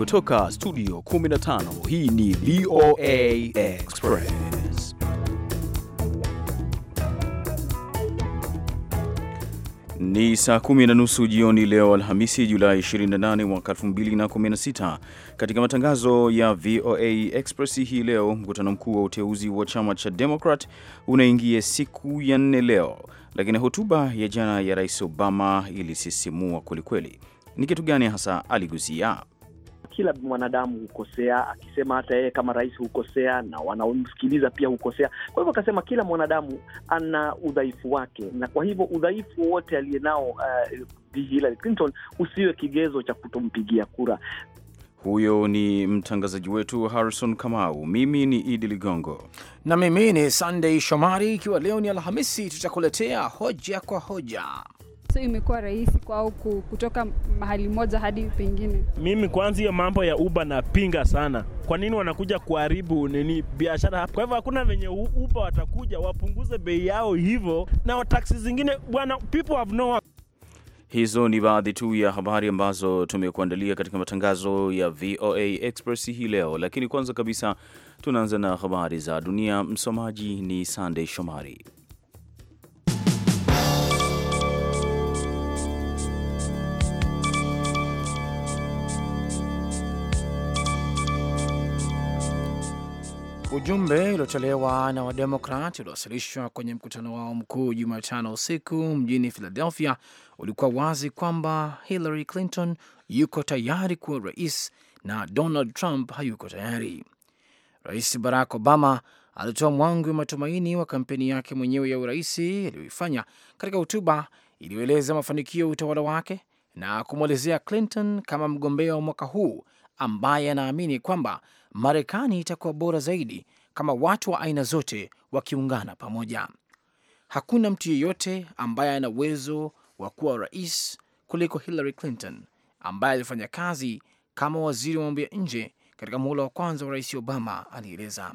Kutoka studio 15 hii ni VOA Express. Ni saa kumi na nusu jioni leo Alhamisi, Julai 28 mwaka 2016. Katika matangazo ya VOA Express hii leo, mkutano mkuu wa uteuzi wa chama cha Democrat unaingia siku ya nne leo, lakini hotuba ya jana ya Rais Obama ilisisimua kwelikweli. Ni kitu gani hasa aligusia? kila mwanadamu hukosea, akisema hata yeye kama rais hukosea na wanaomsikiliza pia hukosea. Kwa hivyo akasema kila mwanadamu ana udhaifu wake, na kwa hivyo udhaifu wote aliye nao uh, Clinton usiwe kigezo cha kutompigia kura. Huyo ni mtangazaji wetu Harrison Kamau. Mimi ni Idi Ligongo na mimi ni Sunday Shomari. Ikiwa leo ni Alhamisi, tutakuletea hoja kwa hoja. So imekuwa rahisi kwao kutoka mahali moja hadi pengine. Mimi kwanza, hiyo mambo ya Uber napinga sana. Kwa nini wanakuja kuharibu nini biashara hapa? Kwa hivyo hakuna venye Uber watakuja wapunguze bei yao hivyo, na taksi zingine bwana, people have no Hizo ni baadhi tu ya habari ambazo tumekuandalia katika matangazo ya VOA Express hii leo, lakini kwanza kabisa tunaanza na habari za dunia. Msomaji ni Sunday Shomari. Ujumbe uliotolewa na Wademokrat uliowasilishwa kwenye mkutano wao mkuu Jumatano usiku mjini Philadelphia ulikuwa wazi kwamba Hillary Clinton yuko tayari kuwa rais na Donald Trump hayuko tayari. Rais Barack Obama alitoa mwangi wa matumaini wa kampeni yake mwenyewe ya uraisi aliyoifanya katika hotuba iliyoeleza mafanikio ya utawala wake na kumwelezea Clinton kama mgombea wa mwaka huu ambaye anaamini kwamba Marekani itakuwa bora zaidi kama watu wa aina zote wakiungana pamoja. Hakuna mtu yeyote ambaye ana uwezo wa kuwa rais kuliko Hillary Clinton ambaye alifanya kazi kama waziri wa mambo ya nje katika muhula wa kwanza wa rais Obama, alieleza.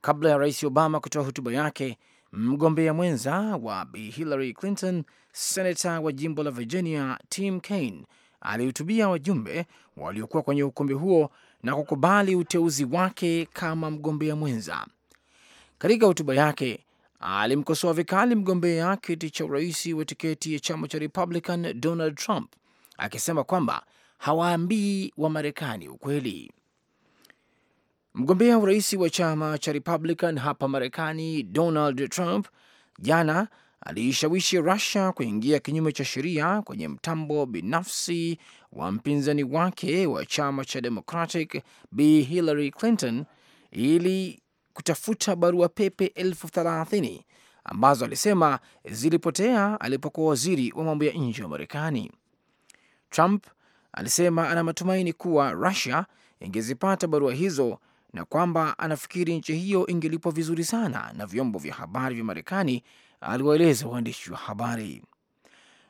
Kabla ya rais Obama kutoa hotuba yake, mgombea mwenza wa Bi Hillary Clinton, senata wa jimbo la Virginia Tim Kaine alihutubia wajumbe waliokuwa kwenye ukumbi huo na kukubali uteuzi wake kama mgombea mwenza. Katika hotuba yake alimkosoa vikali mgombea kiti cha urais wa tiketi ya chama cha Republican Donald Trump akisema kwamba hawaambii wa marekani ukweli. Mgombea urais wa chama cha Republican hapa Marekani Donald Trump jana aliishawishi Rusia kuingia kinyume cha sheria kwenye mtambo binafsi wa mpinzani wake wa chama cha Democratic b Hillary Clinton ili kutafuta barua pepe elfu thelathini ambazo alisema zilipotea alipokuwa waziri wa mambo ya nje wa Marekani. Trump alisema ana matumaini kuwa Rusia ingezipata barua hizo na kwamba anafikiri nchi hiyo ingelipwa vizuri sana na vyombo vya habari vya Marekani aliwaeleza waandishi wa habari.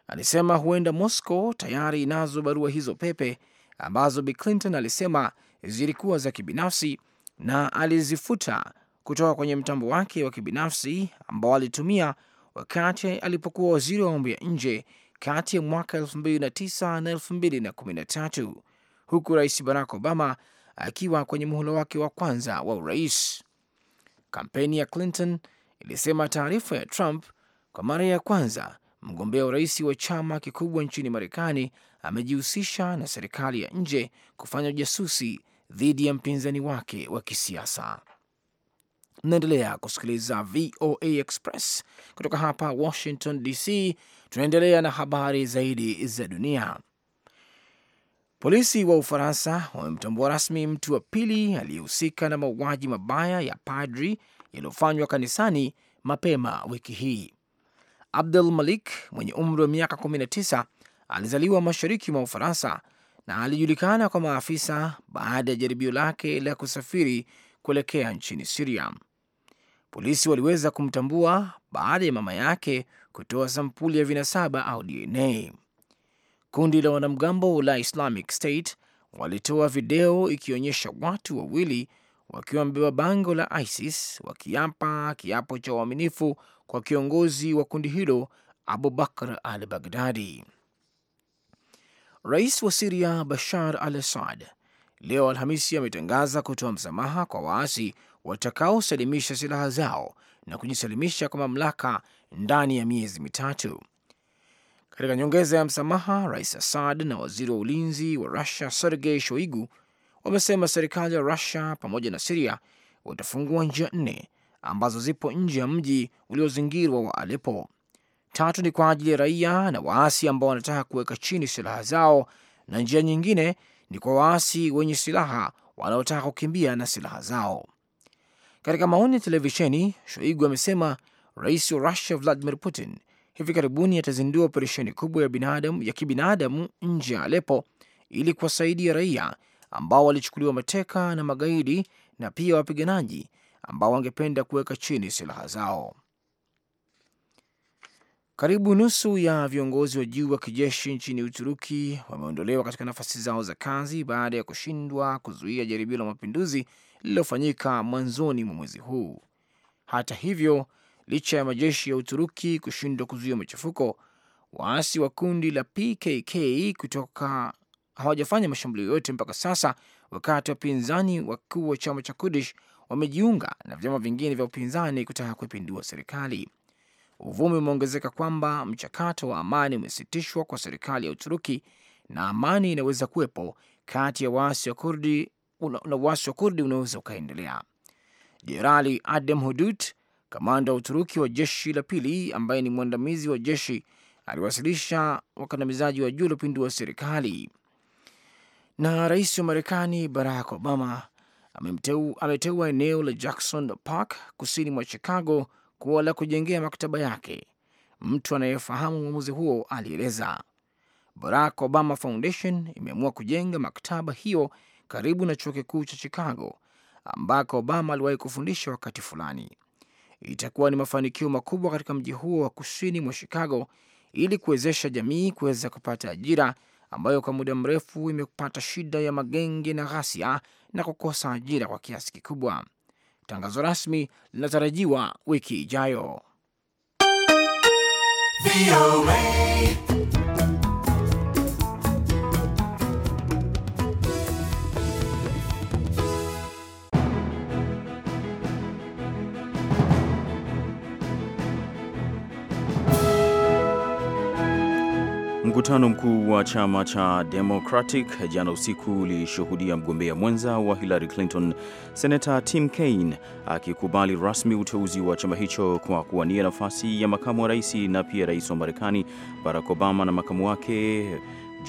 Alisema huenda Moscow tayari inazo barua hizo pepe ambazo Bi Clinton alisema zilikuwa za kibinafsi na alizifuta kutoka kwenye mtambo wake wa kibinafsi ambao alitumia wakati alipokuwa waziri wa mambo ya nje kati ya mwaka 2009 na 2013, huku Rais Barack Obama akiwa kwenye muhula wake wa kwanza wa urais. Kampeni ya Clinton ilisema taarifa ya Trump kwa mara ya kwanza mgombea urais wa chama kikubwa nchini Marekani amejihusisha na serikali ya nje kufanya ujasusi dhidi ya mpinzani wake wa kisiasa. Mnaendelea kusikiliza VOA Express kutoka hapa Washington DC. Tunaendelea na habari zaidi za dunia. Polisi wa Ufaransa wamemtambua rasmi mtu wa pili aliyehusika na mauaji mabaya ya padri yaliyofanywa kanisani mapema wiki hii. Abdul Malik mwenye umri wa miaka 19 alizaliwa mashariki mwa Ufaransa na alijulikana kwa maafisa baada ya jaribio lake la kusafiri kuelekea nchini Siria. Polisi waliweza kumtambua baada ya mama yake kutoa sampuli ya vinasaba au DNA. Kundi la wanamgambo la Islamic State walitoa video ikionyesha watu wawili wakiwa wamebeba bango la ISIS wakiapa kiapo cha uaminifu kwa kiongozi wa kundi hilo Abubakar al Baghdadi. Rais wa Siria Bashar al Assad leo Alhamisi ametangaza kutoa msamaha kwa waasi watakaosalimisha silaha zao na kujisalimisha kwa mamlaka ndani ya miezi mitatu. Katika nyongeza ya msamaha, Rais Assad na waziri wa ulinzi wa Rusia Sergei Shoigu wamesema serikali ya Rusia pamoja na Siria watafungua njia nne ambazo zipo nje ya mji uliozingirwa wa Alepo. Tatu ni kwa ajili ya raia na waasi ambao wanataka kuweka chini silaha zao, na njia nyingine ni kwa waasi wenye silaha wanaotaka kukimbia na silaha zao. Katika maoni ya televisheni, Shoigu amesema rais wa rusia Vladimir Putin hivi karibuni atazindua operesheni kubwa ya, ya kibinadamu nje ya Alepo ili kuwasaidia raia ambao walichukuliwa mateka na magaidi na pia wapiganaji ambao wangependa kuweka chini silaha zao. Karibu nusu ya viongozi wa juu wa kijeshi nchini Uturuki wameondolewa katika nafasi zao za kazi baada ya kushindwa kuzuia jaribio la mapinduzi lililofanyika mwanzoni mwa mwezi huu. Hata hivyo, licha ya majeshi ya Uturuki kushindwa kuzuia machafuko, waasi wa kundi la PKK kutoka hawajafanya mashambulio yote mpaka sasa, wakati wapinzani wakuu wa chama cha Kudish wamejiunga na vyama vingine vya upinzani kutaka kuipindua serikali. Uvumi umeongezeka kwamba mchakato wa amani umesitishwa kwa serikali ya Uturuki na amani inaweza kuwepo kati ya waasi wa Kurdi na uasi wa Kurdi unaweza ukaendelea. Jenerali Adem Hudut, kamanda wa Uturuki wa jeshi la pili, ambaye ni mwandamizi wa jeshi, aliwasilisha wakandamizaji wa juu uliopindua serikali. Na rais wa Marekani Barack Obama ameteua eneo la Jackson Park kusini mwa Chicago kuwa la kujengea maktaba yake. Mtu anayefahamu uamuzi huo alieleza, Barack Obama Foundation imeamua kujenga maktaba hiyo karibu na chuo kikuu cha Chicago ambako Obama aliwahi kufundisha wakati fulani. Itakuwa ni mafanikio makubwa katika mji huo wa kusini mwa Chicago ili kuwezesha jamii kuweza kupata ajira ambayo kwa muda mrefu imepata shida ya magenge na ghasia na kukosa ajira kwa kiasi kikubwa. Tangazo rasmi linatarajiwa wiki ijayo. Mkutano mkuu wa chama cha Democratic jana usiku ulishuhudia mgombea mwenza wa Hillary Clinton, Senata Tim Kaine akikubali rasmi uteuzi wa chama hicho kwa kuwania nafasi ya makamu wa rais na pia rais wa Marekani Barack Obama na makamu wake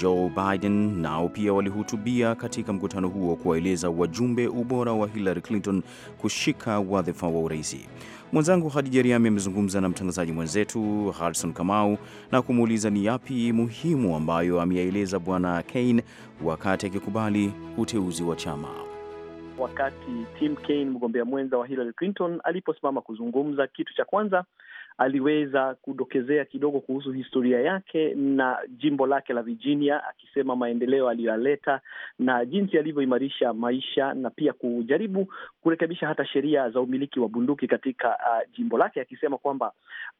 Joe Biden nao pia walihutubia katika mkutano huo kuwaeleza wajumbe ubora wa Hillary Clinton kushika wadhifa wa uraisi. Mwenzangu Hadija Riami amezungumza na mtangazaji mwenzetu Harrison Kamau na kumuuliza ni yapi muhimu ambayo ameyaeleza Bwana Kane wakati akikubali uteuzi wa chama. Wakati Tim Kaine, mgombea mwenza wa Hillary Clinton, aliposimama kuzungumza, kitu cha kwanza aliweza kudokezea kidogo kuhusu historia yake na jimbo lake la Virginia, akisema maendeleo aliyoyaleta na jinsi alivyoimarisha maisha na pia kujaribu kurekebisha hata sheria za umiliki wa bunduki katika uh, jimbo lake, akisema kwamba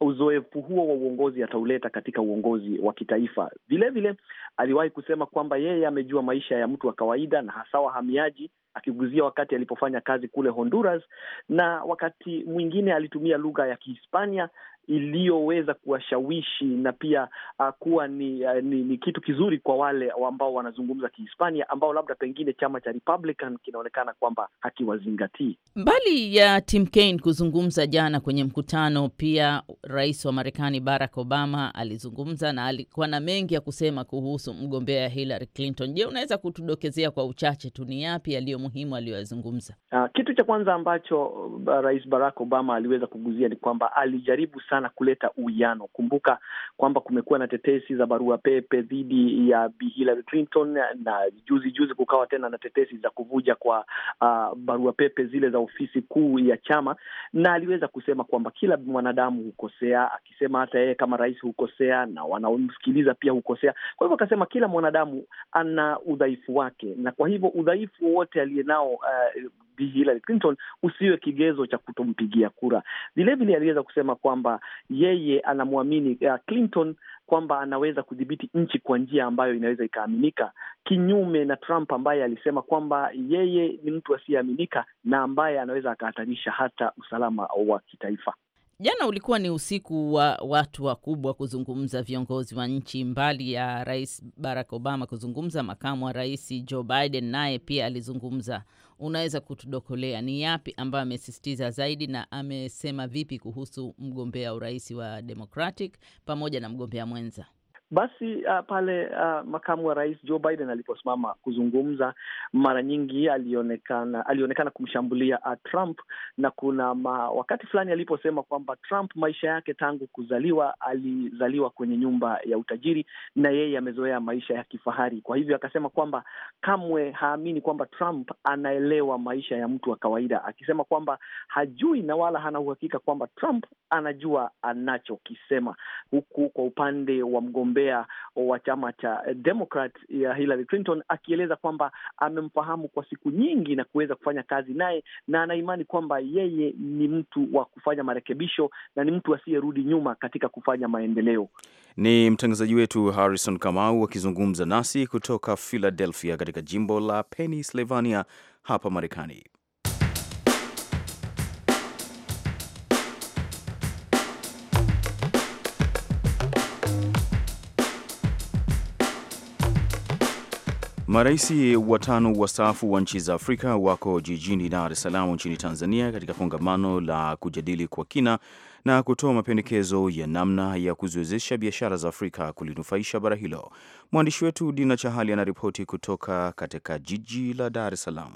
uzoefu huo wa uongozi atauleta katika uongozi wa kitaifa. Vilevile aliwahi kusema kwamba yeye amejua maisha ya mtu wa kawaida na hasa wahamiaji akiguzia wakati alipofanya kazi kule Honduras, na wakati mwingine alitumia lugha ya Kihispania iliyoweza kuwashawishi na pia uh, kuwa ni, uh, ni, ni kitu kizuri kwa wale ambao wanazungumza Kihispania ambao labda pengine chama cha Republican kinaonekana kwamba hakiwazingatii. Mbali ya Tim Kaine kuzungumza jana kwenye mkutano, pia rais wa Marekani Barack Obama alizungumza na alikuwa na mengi ya kusema kuhusu mgombea Hillary Clinton. Je, unaweza kutudokezea kwa uchache tu ni yapi yaliyo muhimu aliyoyazungumza? Uh, kitu cha kwanza ambacho uh, rais Barack Obama aliweza kuguzia ni kwamba alijaribu sana sana kuleta uwiano. Kumbuka kwamba kumekuwa na tetesi za barua pepe dhidi ya Bi Hillary Clinton na juzi juzi kukawa tena na tetesi za kuvuja kwa uh, barua pepe zile za ofisi kuu ya chama, na aliweza kusema kwamba kila mwanadamu hukosea, akisema hata yeye kama rais hukosea na wanaomsikiliza pia hukosea. Kwa hivyo akasema kila mwanadamu ana udhaifu wake, na kwa hivyo udhaifu wowote aliye nao uh, Bi Hillary Clinton usiwe kigezo cha kutompigia kura. Vilevile aliweza kusema kwamba yeye anamwamini uh, Clinton kwamba anaweza kudhibiti nchi kwa njia ambayo inaweza ikaaminika, kinyume na Trump ambaye alisema kwamba yeye ni mtu asiyeaminika na ambaye anaweza akahatarisha hata usalama wa kitaifa. Jana ulikuwa ni usiku wa watu wakubwa kuzungumza, viongozi wa nchi. Mbali ya Rais Barack Obama kuzungumza, makamu wa rais Joe Biden naye pia alizungumza. Unaweza kutudokolea ni yapi ambayo amesisitiza zaidi na amesema vipi kuhusu mgombea urais wa Democratic pamoja na mgombea mwenza? Basi uh, pale uh, makamu wa rais Joe Biden aliposimama kuzungumza, mara nyingi alionekana alionekana kumshambulia uh, Trump, na kuna ma, wakati fulani aliposema kwamba Trump maisha yake tangu kuzaliwa alizaliwa kwenye nyumba ya utajiri na yeye amezoea maisha ya kifahari. Kwa hivyo akasema kwamba kamwe haamini kwamba Trump anaelewa maisha ya mtu wa kawaida, akisema kwamba hajui na wala hana uhakika kwamba Trump anajua anachokisema, huku kwa upande wa mgombe mgombea wa chama cha Democrat ya eh, Hillary Clinton, akieleza kwamba amemfahamu kwa siku nyingi na kuweza kufanya kazi naye na anaimani kwamba yeye ni mtu wa kufanya marekebisho na ni mtu asiyerudi nyuma katika kufanya maendeleo. Ni mtangazaji wetu Harrison Kamau akizungumza nasi kutoka Philadelphia katika jimbo la Pennsylvania hapa Marekani. Maraisi watano wastaafu wa nchi za Afrika wako jijini Dar es Salaam nchini Tanzania katika kongamano la kujadili kwa kina na kutoa mapendekezo ya namna ya kuziwezesha biashara za Afrika kulinufaisha bara hilo. Mwandishi wetu Dina Chahali anaripoti kutoka katika jiji la Dar es Salaam.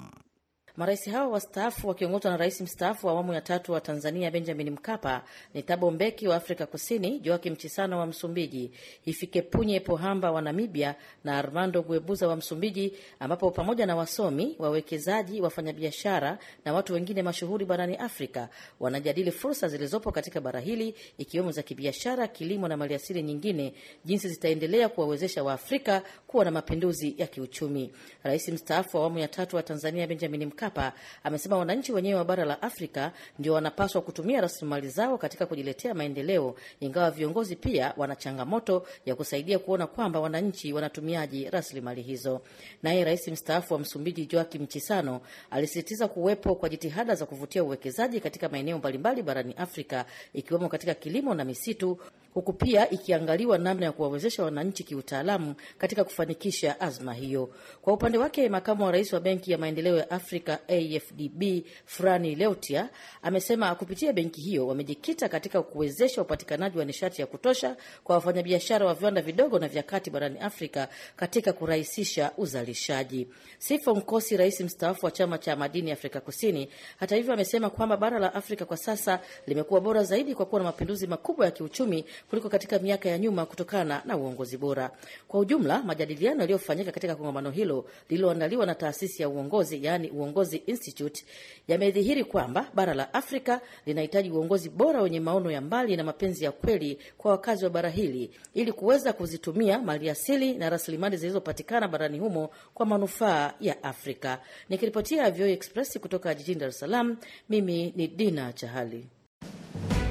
Marais hao wastaafu wakiongozwa na rais mstaafu wa awamu ya tatu wa Tanzania Benjamin Mkapa ni Thabo Mbeki wa Afrika Kusini, Joakim Chisano wa Msumbiji, Hifikepunye Pohamba wa Namibia na Armando Guebuza wa Msumbiji, ambapo pamoja na wasomi, wawekezaji, wafanyabiashara na watu wengine mashuhuri barani Afrika wanajadili fursa zilizopo katika bara hili ikiwemo za kibiashara, kilimo na maliasili nyingine, jinsi zitaendelea kuwawezesha Waafrika kuwa na mapinduzi ya kiuchumi. Rais mstaafu wa awamu ya tatu wa Tanzania Benjamin Mkapa Mkapa amesema wananchi wenyewe wa bara la Afrika ndio wanapaswa kutumia rasilimali zao katika kujiletea maendeleo, ingawa viongozi pia wana changamoto ya kusaidia kuona kwamba wananchi wanatumiaji rasilimali hizo. Naye rais mstaafu wa Msumbiji Joaquim Chissano alisisitiza kuwepo kwa jitihada za kuvutia uwekezaji katika maeneo mbalimbali barani Afrika ikiwemo katika kilimo na misitu huku pia ikiangaliwa namna ya kuwawezesha wananchi kiutaalamu katika kufanikisha azma hiyo. Kwa upande wake, makamu wa rais wa Benki ya Maendeleo ya Afrika AfDB Frani Leutia amesema kupitia benki hiyo wamejikita katika kuwezesha upatikanaji wa nishati ya kutosha kwa wafanyabiashara wa viwanda vidogo na vya kati barani Afrika katika kurahisisha uzalishaji. sifo Nkosi, rais mstaafu wa chama cha madini Afrika Kusini, hata hivyo, amesema kwamba bara la Afrika kwa sasa limekuwa bora zaidi kwa kuwa na mapinduzi makubwa ya kiuchumi kuliko katika miaka ya nyuma kutokana na uongozi bora. Kwa ujumla, majadiliano yaliyofanyika katika kongamano hilo lililoandaliwa na taasisi ya uongozi yaani Uongozi Institute yamedhihiri kwamba bara la Afrika linahitaji uongozi bora wenye maono ya mbali na mapenzi ya kweli kwa wakazi wa bara hili ili kuweza kuzitumia maliasili na rasilimali zilizopatikana barani humo kwa manufaa ya Afrika. Nikiripotia VOA e Express kutoka jijini Dar es Salaam, mimi ni Dina Chahali.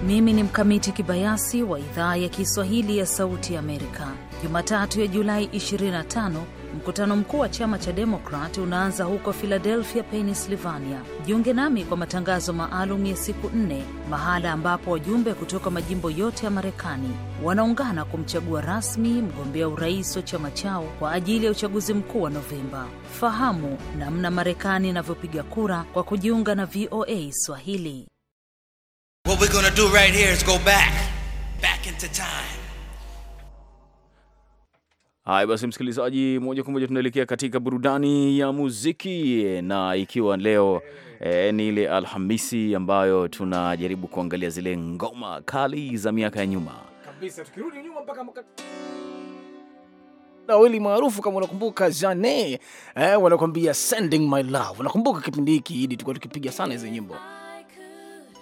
Mimi ni Mkamiti Kibayasi wa idhaa ya Kiswahili ya Sauti Amerika. Jumatatu ya Julai 25 mkutano mkuu wa chama cha Demokrat unaanza huko Philadelphia, Pennsylvania. Jiunge nami kwa matangazo maalum ya siku nne, mahala ambapo wajumbe kutoka majimbo yote ya Marekani wanaungana kumchagua rasmi mgombea urais wa chama chao kwa ajili ya uchaguzi mkuu wa Novemba. Fahamu namna Marekani inavyopiga kura kwa kujiunga na VOA Swahili. What we're gonna do right here is go back, back into time. Haya basi, msikilizaji, moja kwa moja tunaelekea katika burudani ya muziki, na ikiwa leo e, ni ile Alhamisi ambayo tunajaribu kuangalia zile ngoma kali za miaka ya nyuma kabisa, tukirudi nyuma mpaka wawili maarufu kama unakumbuka Jane eh, wanakuambia sending my love. Unakumbuka kipindi hiki hidi tulikuwa tukipiga sana hizo nyimbo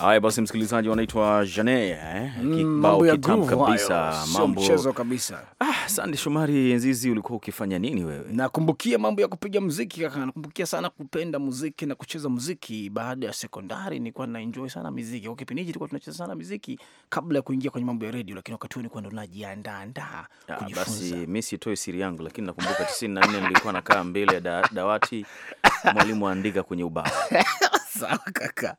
Haya basi, msikilizaji, wanaitwa Jane eh? Mm, Kibao kitamu kabisa, mambo mchezo kabisa. Ah, Sandi Shomari Nzizi, ulikuwa ukifanya nini wewe? Nakumbukia mambo ya kupiga muziki kaka, nakumbukia sana kupenda muziki na kucheza muziki. Baada ya sekondari nilikuwa na enjoy sana muziki. Kwa kipindi hicho tulikuwa tunacheza sana muziki kabla ya kuingia kwenye mambo ya radio, lakini wakati huo nilikuwa ndo najiandaa andaa ah, kujifunza. Basi mimi sitoi siri yangu, lakini nakumbuka 94 nilikuwa nakaa mbele ya da, dawati mwalimu aandika kwenye ubao. Sawa kaka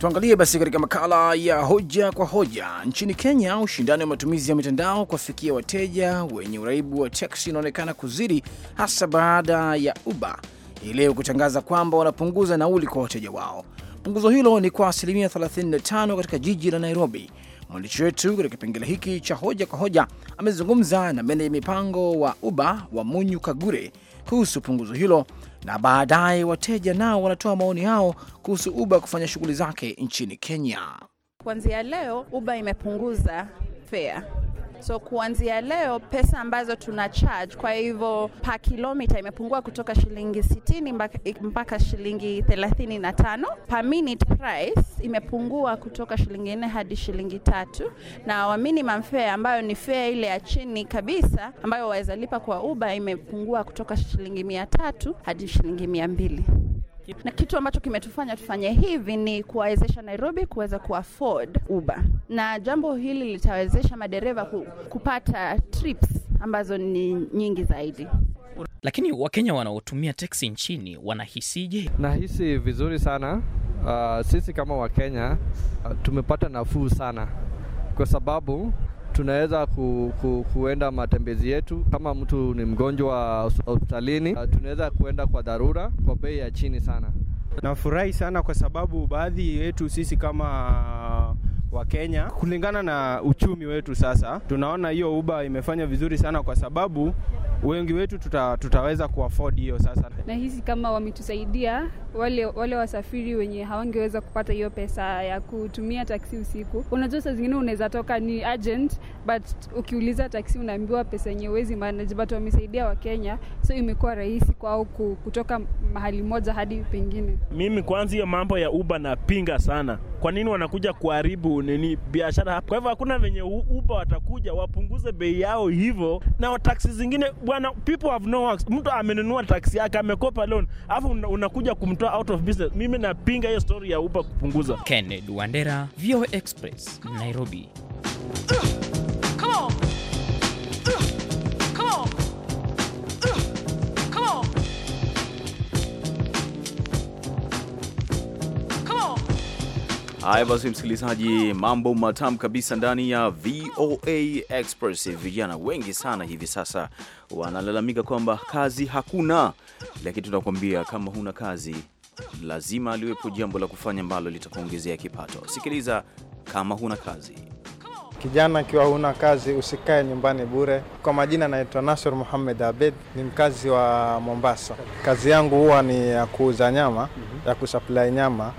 Tuangalie basi katika makala ya hoja kwa hoja. Nchini Kenya, ushindani wa matumizi ya mitandao kuwafikia wateja wenye uraibu wa teksi inaonekana kuzidi, hasa baada ya Uber hii leo kutangaza kwamba wanapunguza nauli kwa wateja wao. Punguzo hilo ni kwa asilimia 35 katika jiji la Nairobi. Mwandishi wetu katika kipengele hiki cha hoja kwa hoja amezungumza na meneja mipango wa Uber wa Munyu Kagure kuhusu punguzo hilo na baadaye wateja nao wanatoa maoni yao kuhusu Uber kufanya shughuli zake nchini Kenya. Kuanzia leo Uber imepunguza fare So kuanzia leo pesa ambazo tuna charge, kwa hivyo pa kilomita imepungua kutoka shilingi 60 mpaka, shilingi 35. Pa minute price imepungua kutoka shilingi 4 hadi shilingi tatu, na wa minimum fare ambayo ni fare ile ya chini kabisa ambayo waweza lipa kwa Uber imepungua kutoka shilingi 300 hadi shilingi 200. Na kitu ambacho kimetufanya tufanye hivi ni kuwawezesha Nairobi kuweza kuafford Uber, na jambo hili litawezesha madereva kupata trips ambazo ni nyingi zaidi. Lakini Wakenya wanaotumia teksi nchini wanahisije? Nahisi vizuri sana. Uh, sisi kama Wakenya uh, tumepata nafuu sana kwa sababu tunaweza ku, ku, kuenda matembezi yetu. Kama mtu ni mgonjwa hospitalini, uh, tunaweza kuenda kwa dharura kwa bei ya chini sana. Nafurahi sana kwa sababu baadhi yetu sisi kama uh, wa Kenya kulingana na uchumi wetu sasa, tunaona hiyo Uber imefanya vizuri sana kwa sababu wengi wetu tuta, tutaweza kuafford hiyo sasa. Nahisi kama wametusaidia wale, wale wasafiri wenye hawangeweza kupata hiyo pesa ya kutumia taksi usiku. Unajua saa zingine unaweza toka ni agent, but ukiuliza taksi unaambiwa pesa yenye uwezi manage, but wamesaidia Wakenya, so imekuwa rahisi kwao kutoka mahali moja hadi pengine. Mimi kwanza hiyo mambo ya Uber napinga sana. Kwa nini wanakuja kuharibu nini biashara hapa? Kwa hivyo hakuna venye Uber watakuja wapunguze bei yao hivyo, na taksi zingine bwana, people have no works. Mtu amenunua taksi yake amekopa loan, alafu unakuja kumtoa out of business. Mimi napinga hiyo story ya upa kupunguza. Kennedy Wandera, VOA Express, Nairobi. Haya basi, msikilizaji, mambo matamu kabisa ndani ya VOA Express. Vijana wengi sana hivi sasa wanalalamika kwamba kazi hakuna, lakini tunakuambia kama huna kazi lazima liwepo jambo la kufanya ambalo litakuongezea kipato. Sikiliza, kama huna kazi Kijana akiwa huna kazi usikae nyumbani bure. Kwa majina naitwa Nasr Muhamed Abed, ni mkazi wa Mombasa. Kazi yangu huwa ni ya kuuza nyama, ya kusaplai nyama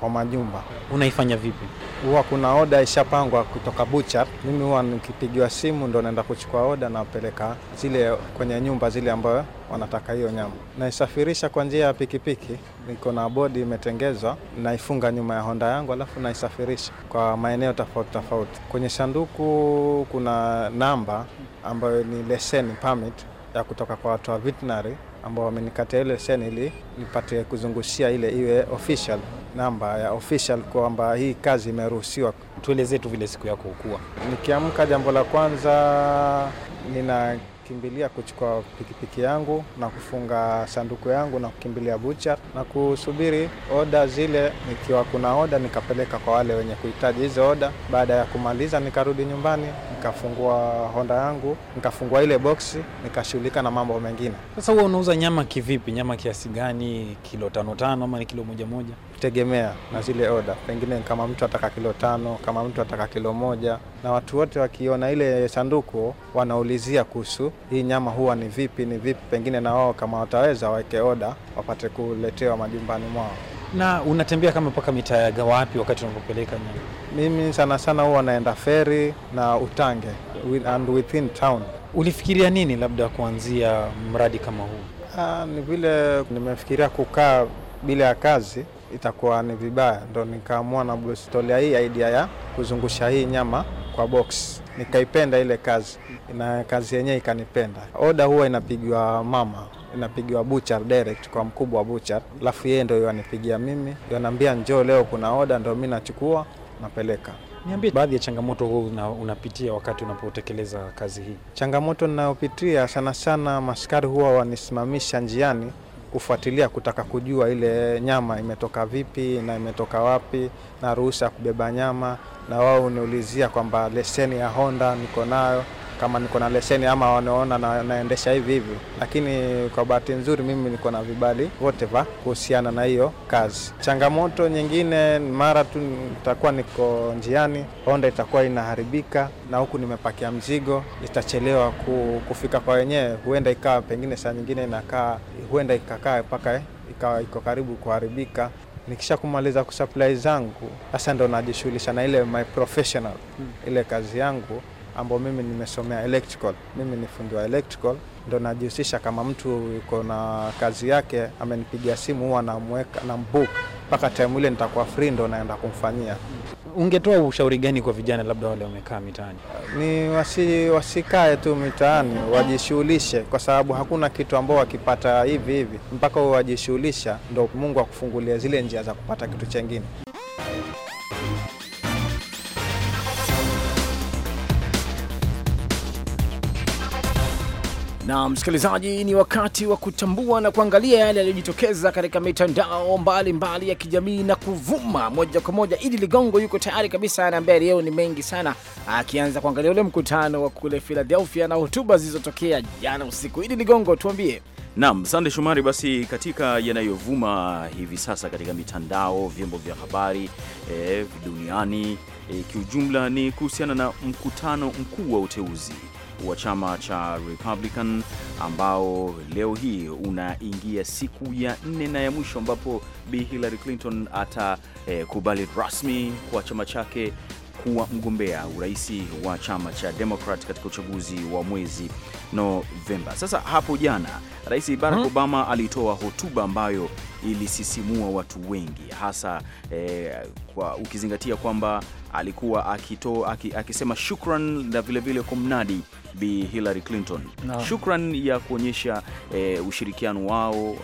kwa majumba. Unaifanya vipi? Huwa kuna oda ishapangwa kutoka bucha. Mimi huwa nikipigiwa simu ndo naenda kuchukua oda, napeleka zile kwenye nyumba zile ambayo wanataka hiyo nyama. Naisafirisha kwa njia ya pikipiki, niko na bodi imetengezwa, naifunga nyuma ya honda yangu, alafu naisafirisha kwa maeneo tofauti tofauti. Kwenye sanduku kuna namba ambayo ni leseni permit ya kutoka kwa watu wa veterinary ambao wamenikatia ile leseni ili nipate kuzungushia ile iwe official namba ya official kwamba hii kazi imeruhusiwa. Tueleze tu vile siku yako hukua. Nikiamka, jambo la kwanza nina kukimbilia kuchukua pikipiki yangu na kufunga sanduku yangu na kukimbilia bucha na kusubiri oda zile, nikiwa kuna oda nikapeleka kwa wale wenye kuhitaji hizo oda. Baada ya kumaliza, nikarudi nyumbani nikafungua honda yangu nikafungua ile boksi nikashughulika na mambo mengine. Sasa huwa unauza nyama kivipi? Nyama kiasi gani? Kilo tano tano ama ni kilo moja moja? kutegemea na zile oda, pengine kama mtu ataka kilo tano, kama mtu ataka kilo moja, na watu wote wakiona ile sanduku wanaulizia kuhusu hii nyama huwa ni vipi, ni vipi, pengine na wao kama wataweza waweke oda wapate kuletewa majumbani mwao. Na unatembea kama mpaka mitaa wapi wakati unapopeleka nyama? Mimi sana sana huwa naenda Feri na Utange and within town. Ulifikiria nini labda kuanzia mradi kama huu? Ah, ni vile nimefikiria kukaa bila ya kazi itakuwa ni vibaya, ndo nikaamua na bustolia hii idea ya kuzungusha hii nyama kwa box. Nikaipenda ile kazi na kazi yenyewe ikanipenda. Oda huwa inapigiwa mama, inapigiwa butcher direct kwa mkubwa wa alafu yeye ndo yanipigia mimi, yanaambia njoo leo kuna oda, ndo mi nachukua napeleka. Niambie baadhi ya changamoto huo una, unapitia wakati unapotekeleza kazi hii. Changamoto ninayopitia sana sana, maskari huwa wanisimamisha njiani kufuatilia kutaka kujua ile nyama imetoka vipi na imetoka wapi na ruhusa ya kubeba nyama, na wao uniulizia kwamba leseni ya Honda niko nayo kama niko na leseni ama wanaona na, naendesha hivi hivi, lakini kwa bahati nzuri mimi niko na vibali wote va kuhusiana na hiyo kazi. Changamoto nyingine, mara tu nitakuwa niko njiani, Honda itakuwa inaharibika na huku nimepakia mzigo, itachelewa ku, kufika kwa wenyewe, huenda ikawa pengine saa nyingine inakaa, huenda ikakaa mpaka eh, ikawa iko karibu kuharibika nikisha kumaliza kusupply zangu sasa ndo najishughulisha na ile my professional hmm. ile kazi yangu ambao mimi nimesomea electrical, mimi ni fundi wa electrical, ndo najihusisha kama mtu yuko na kazi yake, amenipigia simu, huwa namweka na mbook mpaka time ile nitakuwa free, ndo naenda kumfanyia. Ungetoa ushauri gani kwa vijana labda wale wamekaa mitaani? Ni wasi, wasikae tu mitaani, wajishughulishe, kwa sababu hakuna kitu ambao wakipata hivi hivi, mpaka wajishughulisha, ndo Mungu akufungulia zile njia za kupata kitu chengine. na msikilizaji, ni wakati wa kutambua na kuangalia yale yaliyojitokeza katika mitandao mbalimbali mbali ya kijamii na kuvuma moja kwa moja. Idi Ligongo yuko tayari kabisa, anaambia leo ni mengi sana, akianza kuangalia ule mkutano wa kule Philadelphia na hotuba zilizotokea jana usiku. Idi Ligongo, tuambie. Naam, sande Shomari. Basi katika yanayovuma hivi sasa katika mitandao, vyombo vya habari eh, duniani eh, kiujumla ni kuhusiana na mkutano mkuu wa uteuzi wa chama cha Republican ambao leo hii unaingia siku ya nne na ya mwisho ambapo Bi Hillary Clinton atakubali eh, rasmi kwa chama chake kuwa mgombea uraisi wa chama cha Democrat katika uchaguzi wa mwezi Novemba. Sasa hapo jana Rais Barack hmm, Obama alitoa hotuba ambayo ilisisimua watu wengi hasa e, kwa, ukizingatia kwamba alikuwa akito, akisema shukran na vilevile kumnadi Bi Hillary Clinton no. Shukran ya kuonyesha e, ushirikiano wao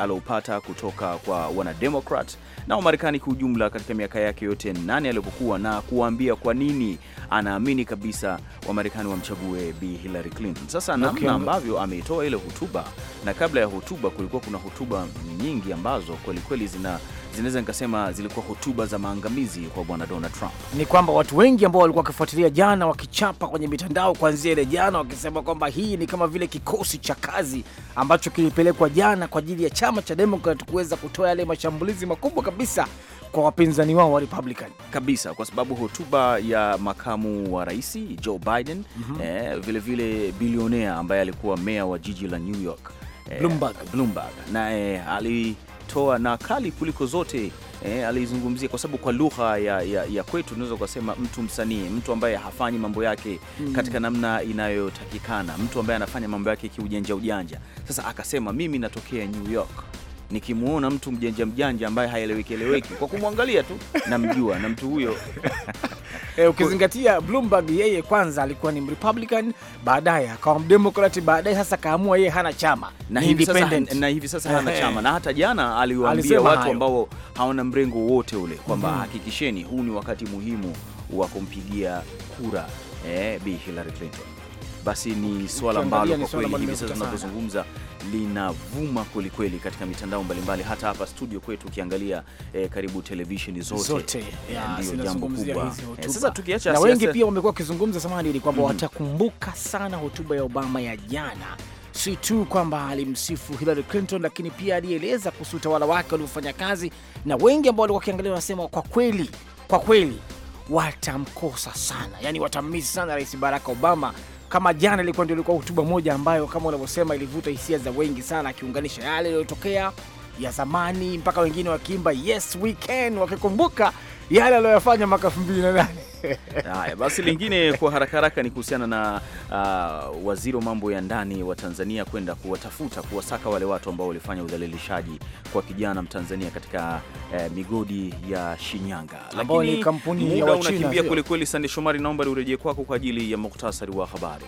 alioupata kutoka kwa wanademokrat na Wamarekani kiujumla ujumla katika miaka yake yote nane alipokuwa, na kuwaambia kwa nini anaamini kabisa Wamarekani wamchague Bi Hillary Clinton. Sasa namna okay, ambavyo ameitoa ile hotuba, na kabla ya hotuba kulikuwa kuna hotuba nyingi nyingi ambazo kwelikweli zina zinaweza nikasema zilikuwa hotuba za maangamizi kwa bwana Donald Trump. Ni kwamba watu wengi ambao walikuwa wakifuatilia jana, wakichapa kwenye mitandao kuanzia ile jana, wakisema kwamba hii ni kama vile kikosi cha kazi ambacho kilipelekwa jana kwa ajili ya chama cha Demokrat kuweza kutoa yale mashambulizi makubwa kabisa kwa wapinzani wao wa Republican kabisa, kwa sababu hotuba ya makamu wa rais Joe Biden mm -hmm. eh, vilevile bilionea ambaye alikuwa meya wa jiji la New York Eh, Bloomberg, Bloomberg naye alitoa kali kuliko zote E, eh, alizungumzia kwa sababu kwa lugha ya, ya, ya kwetu unaweza ukasema mtu msanii, mtu ambaye hafanyi mambo yake mm, katika namna inayotakikana, mtu ambaye anafanya mambo yake kiujanja ujanja. Sasa akasema mimi natokea New York, nikimwona mtu mjanja mjanja ambaye haeleweki eleweki, kwa kumwangalia tu namjua, na mtu huyo e, ukizingatia Bloomberg yeye kwanza alikuwa ni Republican, baadaye akawa Democrat, baadaye sasa kaamua yeye hana chama na hivi sasa, na hivi sasa hana eh, eh. chama, na hata jana aliwaambia watu ambao hawana mrengo wote ule kwamba hmm, hakikisheni huu ni wakati muhimu wa kumpigia kura eh, Bi Hillary Clinton. Basi ni swala ambalo kwa kweli hivi sasa tunapozungumza linavuma kwelikweli katika mitandao mbalimbali, hata hapa studio kwetu ukiangalia eh, karibu televisheni zote, zote eh, ndio jambo kubwa. Eh, sasa tukiacha na wengi pia wamekuwa wakizungumza samani, ni kwamba mm -hmm. watakumbuka sana hotuba ya Obama ya jana si tu kwamba alimsifu Hillary Clinton, lakini pia alieleza kuhusu utawala wake waliofanya kazi, na wengi ambao walikuwa wakiangalia wanasema kwa kweli, kwa kweli watamkosa sana, yani watammisi sana Rais Barack Obama kama jana ilikuwa ndio ilikuwa hotuba moja ambayo kama unavyosema ilivuta hisia za wengi sana, akiunganisha yale yaliyotokea ya zamani mpaka wengine wakiimba yes we can wakikumbuka yale aliyoyafanya mwaka elfu mbili na nane Haya basi, lingine kwa haraka haraka ni kuhusiana na uh, waziri wa mambo ya ndani wa Tanzania kwenda kuwatafuta kuwasaka wale watu ambao walifanya udhalilishaji kwa kijana Mtanzania katika uh, migodi ya Shinyanga, lakini kampuni ya Wachina unakimbia kwelikweli. Sande Shomari, naomba niurejee kwako kwa ajili ya muktasari wa habari.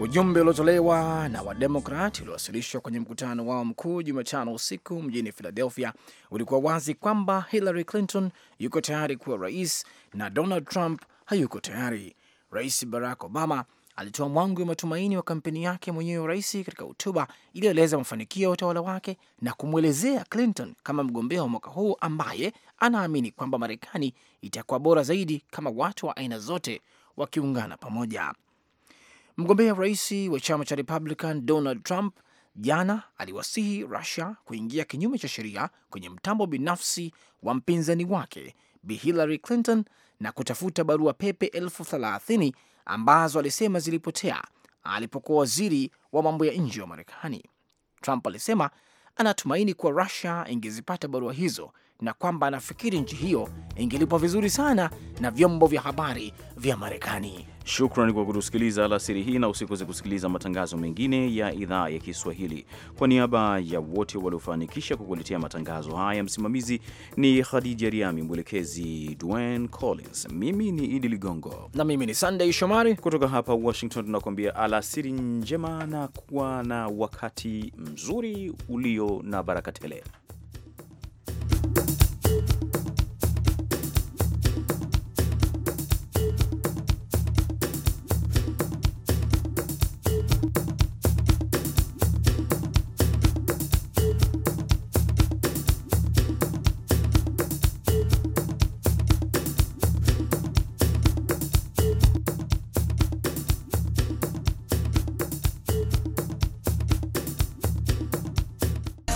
Ujumbe uliotolewa na Wademokrat uliowasilishwa kwenye mkutano wao mkuu Jumatano usiku mjini Philadelphia ulikuwa wazi kwamba Hillary Clinton yuko tayari kuwa rais na Donald Trump hayuko tayari. Rais Barack Obama alitoa mwangwi wa matumaini wa kampeni yake mwenyewe urais katika hotuba iliyoeleza mafanikio ya utawala wake na kumwelezea Clinton kama mgombea wa mwaka huu ambaye anaamini kwamba Marekani itakuwa bora zaidi kama watu wa aina zote wakiungana pamoja. Mgombea rais wa chama cha Republican Donald Trump jana aliwasihi Rusia kuingia kinyume cha sheria kwenye mtambo binafsi wa mpinzani wake Bi Hillary Clinton na kutafuta barua pepe elfu thelathini ambazo alisema zilipotea alipokuwa waziri wa mambo ya nje wa Marekani. Trump alisema anatumaini kuwa Rusia ingezipata barua hizo na kwamba anafikiri nchi hiyo ingelipwa vizuri sana na vyombo vya habari vya Marekani. Shukrani kwa kutusikiliza alasiri hii, na usikose kusikiliza matangazo mengine ya idhaa ya Kiswahili. Kwa niaba ya wote waliofanikisha kukuletea matangazo haya, msimamizi ni Khadija Riami, mwelekezi Dwayne Collins, mimi ni Idi Ligongo na mimi ni sandey Shomari kutoka hapa Washington. Tunakuambia alasiri njema na kuwa na wakati mzuri ulio na baraka tele.